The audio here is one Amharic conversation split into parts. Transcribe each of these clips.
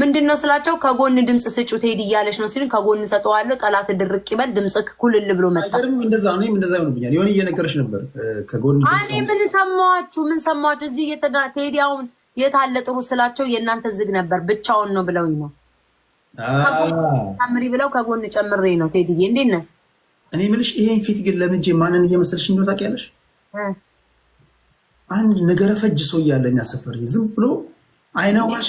ምንድን ነው ስላቸው፣ ከጎን ድምፅ ስጩ ትሄድ እያለች ነው ሲሉኝ፣ ከጎን ሰጠዋለሁ። ጠላት ድርቅ ይበል፣ ድምፅ ኩልል ብሎ መጣ። ሆን እየነገረች ነበር። ምን ሰማችሁ? ምን ሰማችሁ? እዚህ ቴዲ አሁን የት አለ ጥሩ ስላቸው፣ የእናንተ ዝግ ነበር ብቻውን ነው ብለውኝ ነው። ምሪ ብለው ከጎን ጨምሬ ነው። ቴዲዬ እንዴት ነህ? እኔ የምልሽ ይሄን ፊት ግን ለምጄ ማንን እየመሰልሽ እንደው ታውቂያለሽ? አንድ ነገረ ፈጅ ሰው እያለ እኛ ሰፈር ዝም ብሎ አይናዋሽ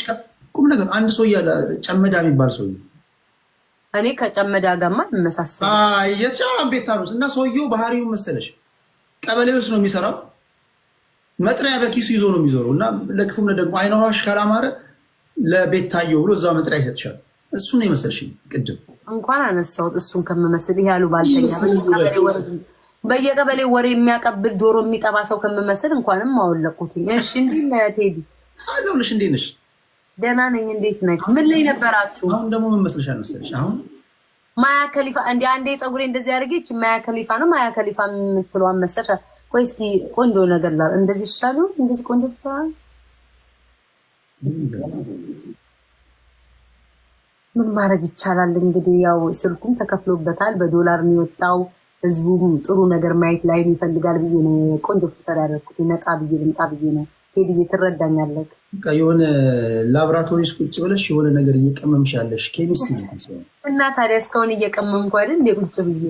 ቁም ነገር አንድ ሰው እያለ ጨመዳ የሚባል ሰው እኔ ከጨመዳ ጋማ መሳሰል የተሻለ ቤታ ነው። እና ሰውየው ባህሪው መሰለሽ ቀበሌ ውስጥ ነው የሚሰራው። መጥሪያ በኪሱ ይዞ ነው የሚዞረው። እና ለክፉም ደግሞ አይነዋሽ ካላማረ ለቤት ታየው ብሎ እዛው መጥሪያ ይሰጥሻል። እሱን የመሰልሽ ቅድም እንኳን አነሳሁት። እሱን ከምመስል ይህ ያሉ ባልተኛ በየቀበሌ ወሬ የሚያቀብል ጆሮ የሚጠባ ሰው ከምመስል እንኳንም አወለቁትኝ። እሺ እንዲ ቴዲ አለሁልሽ። እንዴት ነሽ? ደህና ነኝ። እንዴት ነህ? ምን ላይ ነበራችሁ? አሁን ደግሞ ምን መስለሻል መሰለሽ አሁን ማያ ከሊፋ እንዲ አንዴ ፀጉሬ እንደዚህ አድርጌች ማያ ከሊፋ ነው ማያ ከሊፋ የምትለው መሰለሽ። ቆይ እስኪ ቆንጆ ነገር ላ እንደዚህ ይሻሉ እንደዚህ ቆንጆ ትሰራል። ምን ማድረግ ይቻላል እንግዲህ ያው ስልኩም ተከፍሎበታል በዶላር የሚወጣው ህዝቡም ጥሩ ነገር ማየት ላይ ይፈልጋል ብዬ ነው ቆንጆ ፍጠር ያደረኩት ነጣ ብዬ ልምጣ ብዬ ነው ቴዲዬ ትረዳኛለህ። የሆነ ላብራቶሪስ ቁጭ ብለሽ የሆነ ነገር እየቀመምሽ ያለሽ ኬሚስት እና ታዲያ እስካሁን እየቀመምኩ አይደል እንደ ቁጭ ብዬ።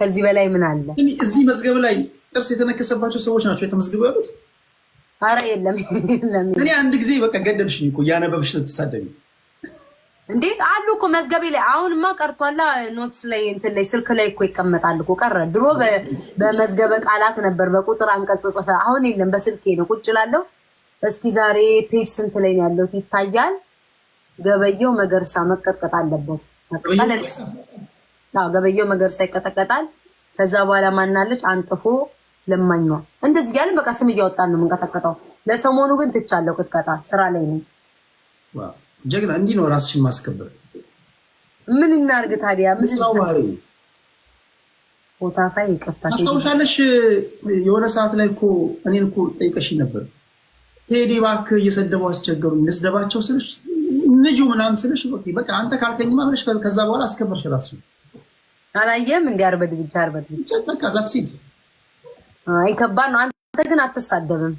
ከዚህ በላይ ምን አለ? እዚህ መዝገብ ላይ ጥርስ የተነከሰባቸው ሰዎች ናቸው የተመዝግበው ያሉት። አረ የለም የለም። እኔ አንድ ጊዜ በቃ ገደልሽኝ እኮ እያነበብሽ ስትሳደቢ እንዴ አሉ እኮ መዝገቤ ላይ አሁንማ ቀርቷላ። ኖትስ ላይ እንትን ላይ ስልክ ላይ እኮ ይቀመጣል እኮ ቀረ። ድሮ በመዝገበ ቃላት ነበር በቁጥር አንቀጽ ጽፈ አሁን የለም በስልክ ነው ቁጭ ላለው እስኪ ዛሬ ፔጅ ስንት ላይ ነው ያለሁት ይታያል። ገበየው መገርሳ መቀጥቀጥ አለበት። ገበየው መገርሳ ይቀጠቀጣል። ከዛ በኋላ ማናለች አንጥፎ ለማኛ እንደዚህ እያለ በቃ ስም እያወጣን ነው የምንቀጠቀጠው። ለሰሞኑ ግን ትቻለው ቅጥቀጣ ስራ ላይ ነው። ጀግና እንዲህ ነው ራስሽን ማስከበር። ምን እናርግ ታዲያ? ምስላው ባህሪ ቦታ ፋይ ታስታውሻለሽ? የሆነ ሰዓት ላይ እኮ እኔን እኮ ጠይቀሽ ነበር። ቴዲ እባክህ እየሰደቡ አስቸገሩኝ፣ ልስደባቸው ስልሽ ንጁ ምናምን ስልሽ በቃ አንተ ካልከኝማ ብለሽ ከዛ በኋላ አስከበርሽ ራስሽ። አላየም እንዲ አርበድ ብቻ አርበድ ብቻ በቃ ዛት ሲድ አይ ከባድ ነው። አንተ ግን አትሳደብም፣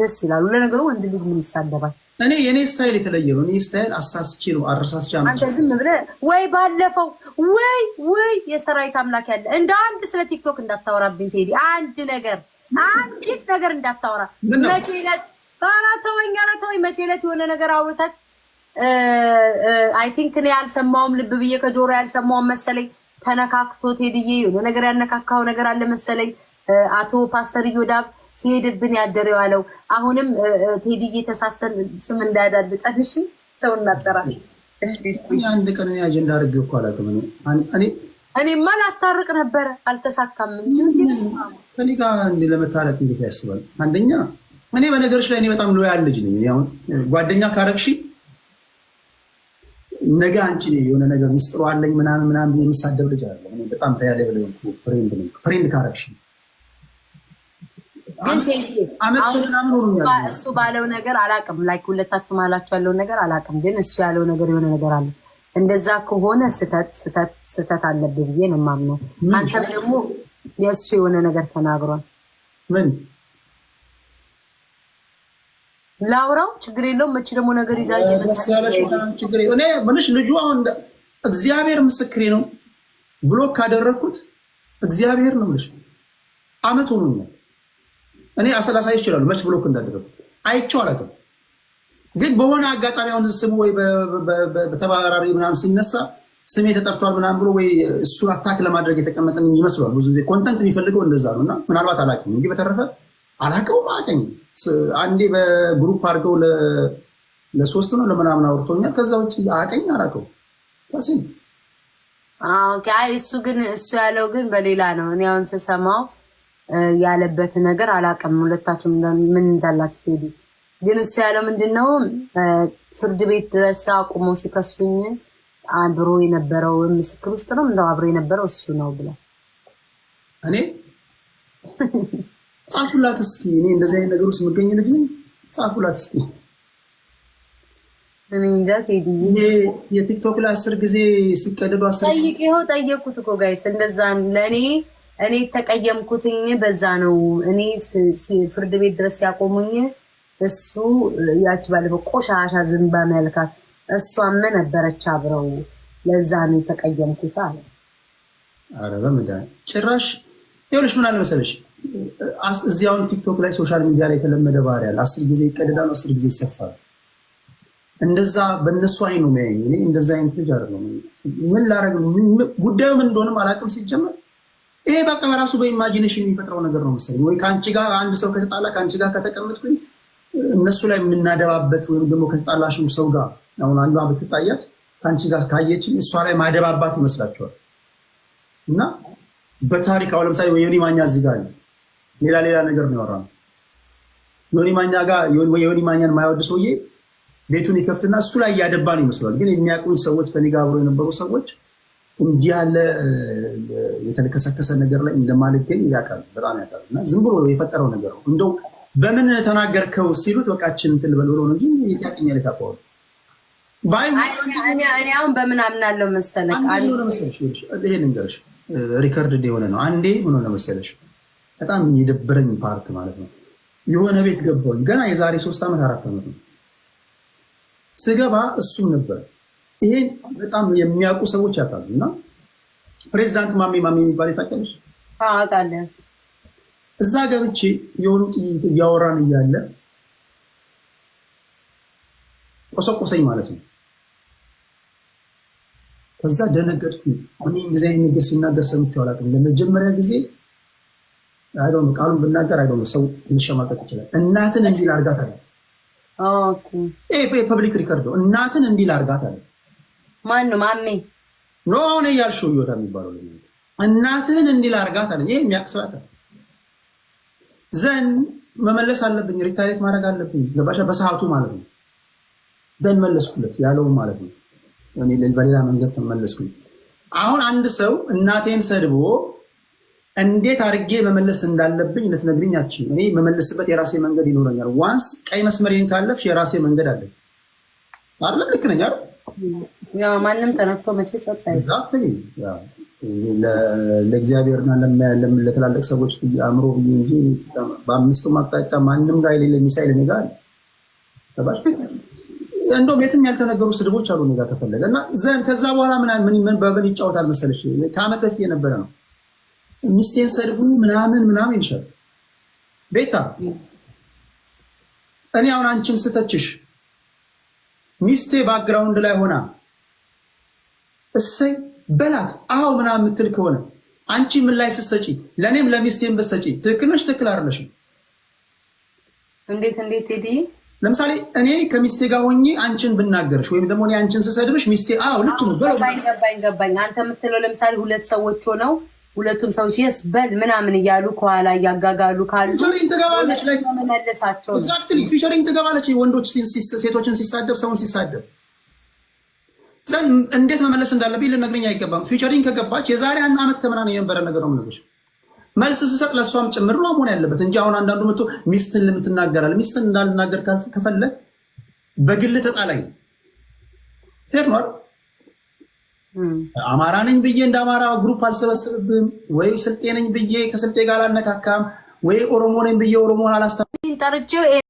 ደስ ይላሉ። ለነገሩ ወንድ ልጅ ምን ይሳደባል? እኔ የኔ ስታይል የተለየ ነው። እኔ ስታይል አሳስቼ ነው አረሳስቼ ነው። አንተ ዝም ብለህ ወይ ባለፈው ወይ ወይ የሰራዊት አምላክ ያለ እንደ አንድ ስለ ቲክቶክ እንዳታወራብኝ ቴዲ፣ አንድ ነገር አንዲት ነገር እንዳታወራ። መቼ ዕለት ኧረ ተወኝ፣ መቼ ዕለት የሆነ ነገር አውርተህ አይ ቲንክ እኔ ያልሰማውም ልብ ብዬ ከጆሮ ያልሰማውም መሰለኝ ተነካክቶ ቴዲዬ የሆነ ነገር ያነካካው ነገር አለ መሰለኝ አቶ ፓስተር ዮዳብ ሲሄድብን ያደረው አለው። አሁንም ቴዲ እየተሳሰን ስም እንዳያዳልጠን እሺ፣ ሰው እናጠራል። አንድ ቀን አጀንዳ አድርጌ እኮ አላውቅም። እኔማ ላስታርቅ ነበረ አልተሳካም ከኔ ጋር ለመታረቅ እንዴት ያስባል? አንደኛ እኔ በነገሮች ላይ እኔ በጣም ሎያል ልጅ ነኝ። አሁን ጓደኛ ካረግሺ ነገ አንቺ የሆነ ነገር ምስጥሮ አለኝ ምናምን ምናምን የሚሳደብ ልጅ አለ በጣም ተያለ ብለ ፍሬንድ ፍሬንድ ካረቅሺ እሱ ባለው ነገር አላውቅም። ላይክ ሁለታችሁ ማላችሁ ያለው ነገር አላውቅም፣ ግን እሱ ያለው ነገር የሆነ ነገር አለ። እንደዛ ከሆነ ስህተት ስህተት ስህተት አለብህ ብዬ ነው የማምነው። አንተም ደግሞ የእሱ የሆነ ነገር ተናግሯል። ምን ላውራው ችግር የለውም። መቼ ደግሞ ነገር ይዛ ምንሽ ልጁ አሁን እግዚአብሔር ምስክሬ ነው ብሎ ካደረግኩት እግዚአብሔር ነው ምንሽ አመት ሆኖኛል እኔ አሰላሳይ ይችላሉ መች ብሎክ እንዳደረጉ አይቼው አላውቅም። ግን በሆነ አጋጣሚ አሁን ስሙ ወይ በተባራሪ ምናምን ሲነሳ ስሜ ተጠርቷል ምናምን ብሎ ወይ እሱን አታክ ለማድረግ የተቀመጠን ይመስሏል። ብዙ ጊዜ ኮንተንት የሚፈልገው እንደዛ ነው። እና ምናልባት አላውቅም እንጂ በተረፈ አላውቀውም አውቀኝም። አንዴ በግሩፕ አድርገው ለሶስት ነው ለምናምን አውርቶኛል። ከዛ ውጭ አውቀኝ አላውቀውም። እሱ ግን እሱ ያለው ግን በሌላ ነው። እኔ አሁን ስሰማው ያለበት ነገር አላውቅም። ሁለታችሁም ምን እንዳላችሁ ሲሄዱ ግን እሱ ያለው ምንድን ነው ፍርድ ቤት ድረስ አቁሞ ሲከሱኝ አብሮ የነበረው ምስክር ውስጥ ነው እንደው አብሮ የነበረው እሱ ነው ብለው እኔ ጻፉላት እስኪ እኔ እንደዚህ አይነት ነገር ውስጥ የምገኝ ልጅ ነኝ። ጻፉላት እስኪ የቲክቶክ ላይ አስር ጊዜ ሲቀደዱ ጠይቅ ይኸው ጠየቁት እኮ ጋይስ እንደዛ ለእኔ እኔ የተቀየምኩትኝ በዛ ነው። እኔ ፍርድ ቤት ድረስ ያቆሙኝ እሱ ያች ባለፈው ቆሻሻ ዝንባ መልካት እሷም ነበረች አብረው። ለዛ ነው የተቀየምኩት አለ። ኧረ በመድኃኒዓለም ጭራሽ ይኸውልሽ ምን አልመሰለሽ እዚያውን ቲክቶክ ላይ ሶሻል ሚዲያ ላይ የተለመደ ባህሪ ያለ አስር ጊዜ ይቀደዳል፣ አስር ጊዜ ይሰፋል። እንደዛ በእነሱ አይኑ ሚያኝ እኔ እንደዛ አይነት ልጅ አይደለሁም። ምን ላረግ ጉዳዩ ምን እንደሆነም አላውቅም ሲጀመር ይሄ በቃ በራሱ በኢማጂኔሽን የሚፈጥረው ነገር ነው መሰለኝ። ወይ ከአንቺ ጋር አንድ ሰው ከተጣላ ከአንቺ ጋር ከተቀመጥኩኝ እነሱ ላይ የምናደባበት ወይም ደግሞ ከተጣላሽው ሰው ጋር አሁን አንዷ ብትጣያት ከአንቺ ጋር ካየችን እሷ ላይ ማደባባት ይመስላችኋል። እና በታሪክ አሁን ለምሳሌ የዮኒ ማኛ እዚህ ጋር ሌላ ሌላ ነገር ነው ያወራ ዮኒ ማኛ ጋር ዮኒ ማኛን የማይወድ ሰውዬ ቤቱን ይከፍትና እሱ ላይ እያደባ ነው ይመስሏል። ግን የሚያውቁኝ ሰዎች ከኔ ጋር አብሮ የነበሩ ሰዎች እንዲህ ያለ የተከሰከሰ ነገር ላይ እንደማልገኝ ያውቃል፣ በጣም ያውቃል። እና ዝም ብሎ የፈጠረው ነገር ነው። እንደው በምን ተናገርከው ሲሉት በቃችን ትል በል ብሎ ነው እንጂ ያቀኛል የታቋዋል እኔ በምን አምናለው መሰለህ፣ ይሄ ልንገርሽ፣ ሪከርድ የሆነ ነው። አንዴ ምን ሆነ መሰለሽ፣ በጣም የደበረኝ ፓርት ማለት ነው። የሆነ ቤት ገባሁኝ ገና የዛሬ ሶስት ዓመት አራት ዓመት ነው ስገባ እሱም ነበር ይሄ በጣም የሚያውቁ ሰዎች ያውቃሉ። እና ፕሬዚዳንት ማሚ ማሚ የሚባል የታውቂያለሽ? አውቃለሁ። እዛ ገብቼ የሆኑ ጥይት እያወራን እያለ ቆሰቆሰኝ ማለት ነው። ከዛ ደነገጥኩ። እኔ እንደዚህ አይነት ነገር ሲናገር ሰምቼ አላውቅም። ለመጀመሪያ ጊዜ አይዶን ቃሉን ብናገር አይዶን ሰው እንሸማቀቅ ይችላል። እናትን እንዲል አርጋት አለ። ፐብሊክ ሪከርድ ነው። እናትን እንዲል አርጋት አለ ፐብሊክ ሪከርድ እናትን እንዲል አርጋት አለ ማን ነው ማሜ ኖ አሁን እያልሽው እዮታ የሚባለው እናትህን እንዲል አርጋት አለ። ይህ የሚያቅስባት ዘን መመለስ አለብኝ፣ ሪታሬት ማድረግ አለብኝ። ገባሻ? በሰዓቱ ማለት ነው። ዘን መለስኩለት ያለው ማለት ነው። በሌላ መንገድ ተመለስኩኝ። አሁን አንድ ሰው እናቴን ሰድቦ እንዴት አድርጌ መመለስ እንዳለብኝ ልትነግሪኝ አትችይም። እኔ መመለስበት የራሴ መንገድ ይኖረኛል። ዋንስ ቀይ መስመሬን ካለፍሽ የራሴ መንገድ አለኝ። አይደለም? ልክ ነኝ አይደል? ማንም ተነክቶ መቼ ጸጥ ለእግዚአብሔርና ለትላልቅ ሰዎች አእምሮ ብዬ እንጂ በአምስቱም አቅጣጫ ማንም ጋር የሌለ ሚሳይል እኔ ጋር እንደውም የትም ያልተነገሩ ስድቦች አሉ እኔ ጋር ተፈለገ እና ዘን ከዛ በኋላ ምናምን በምን ይጫወታል መሰለሽ ከአመት በፊት የነበረ ነው። ሚስቴን ሰድቡ ምናምን ምናምን ይልሻል ቤታ እኔ አሁን አንቺን ስተችሽ ሚስቴ ባክግራውንድ ላይ ሆና እሰይ በላት አዎ ምናምን የምትል ከሆነ አንቺ ምን ላይ ስትሰጪ ለእኔም ለሚስቴም ብትሰጪ ትክክል ነሽ? ትክክል አይደለሽም? እንዴት እንዴት ቴዲ ለምሳሌ እኔ ከሚስቴ ጋር ሆኜ አንቺን ብናገርሽ ወይም ደግሞ እኔ አንቺን ስሰድብሽ ሚስቴ አዎ ልክ ነው ገባኝ ገባኝ ገባኝ አንተ የምትለው ለምሳሌ ሁለት ሰዎች ሆነው ሁለቱም ሰዎች የስ በል ምናምን እያሉ ከኋላ እያጋጋሉ ካሉ መመለሳቸው ፊቸሪንግ ትገባለች። ወንዶች ሴቶችን ሲሳደብ፣ ሰውን ሲሳደብ ሰን እንዴት መመለስ እንዳለብኝ ልነግረኝ አይገባም። ፊቸሪንግ ከገባች የዛሬ አንድ ዓመት ከምናምን የነበረ ነገር ነው ምነች መልስ ስሰጥ ለእሷም ጭምር ነው መሆን ያለበት እንጂ አሁን አንዳንዱ መቶ ሚስትን ልምትናገራል ሚስትን እንዳልናገር ከፈለግ በግል ተጣላኝ ፌርኗር አማራ ነኝ ብዬ እንደ አማራ ግሩፕ አልሰበስብብም ወይ ስልጤ ነኝ ብዬ ከስልጤ ጋር አልነካካም ወይ ኦሮሞ ነኝ ብዬ ኦሮሞን አላስታ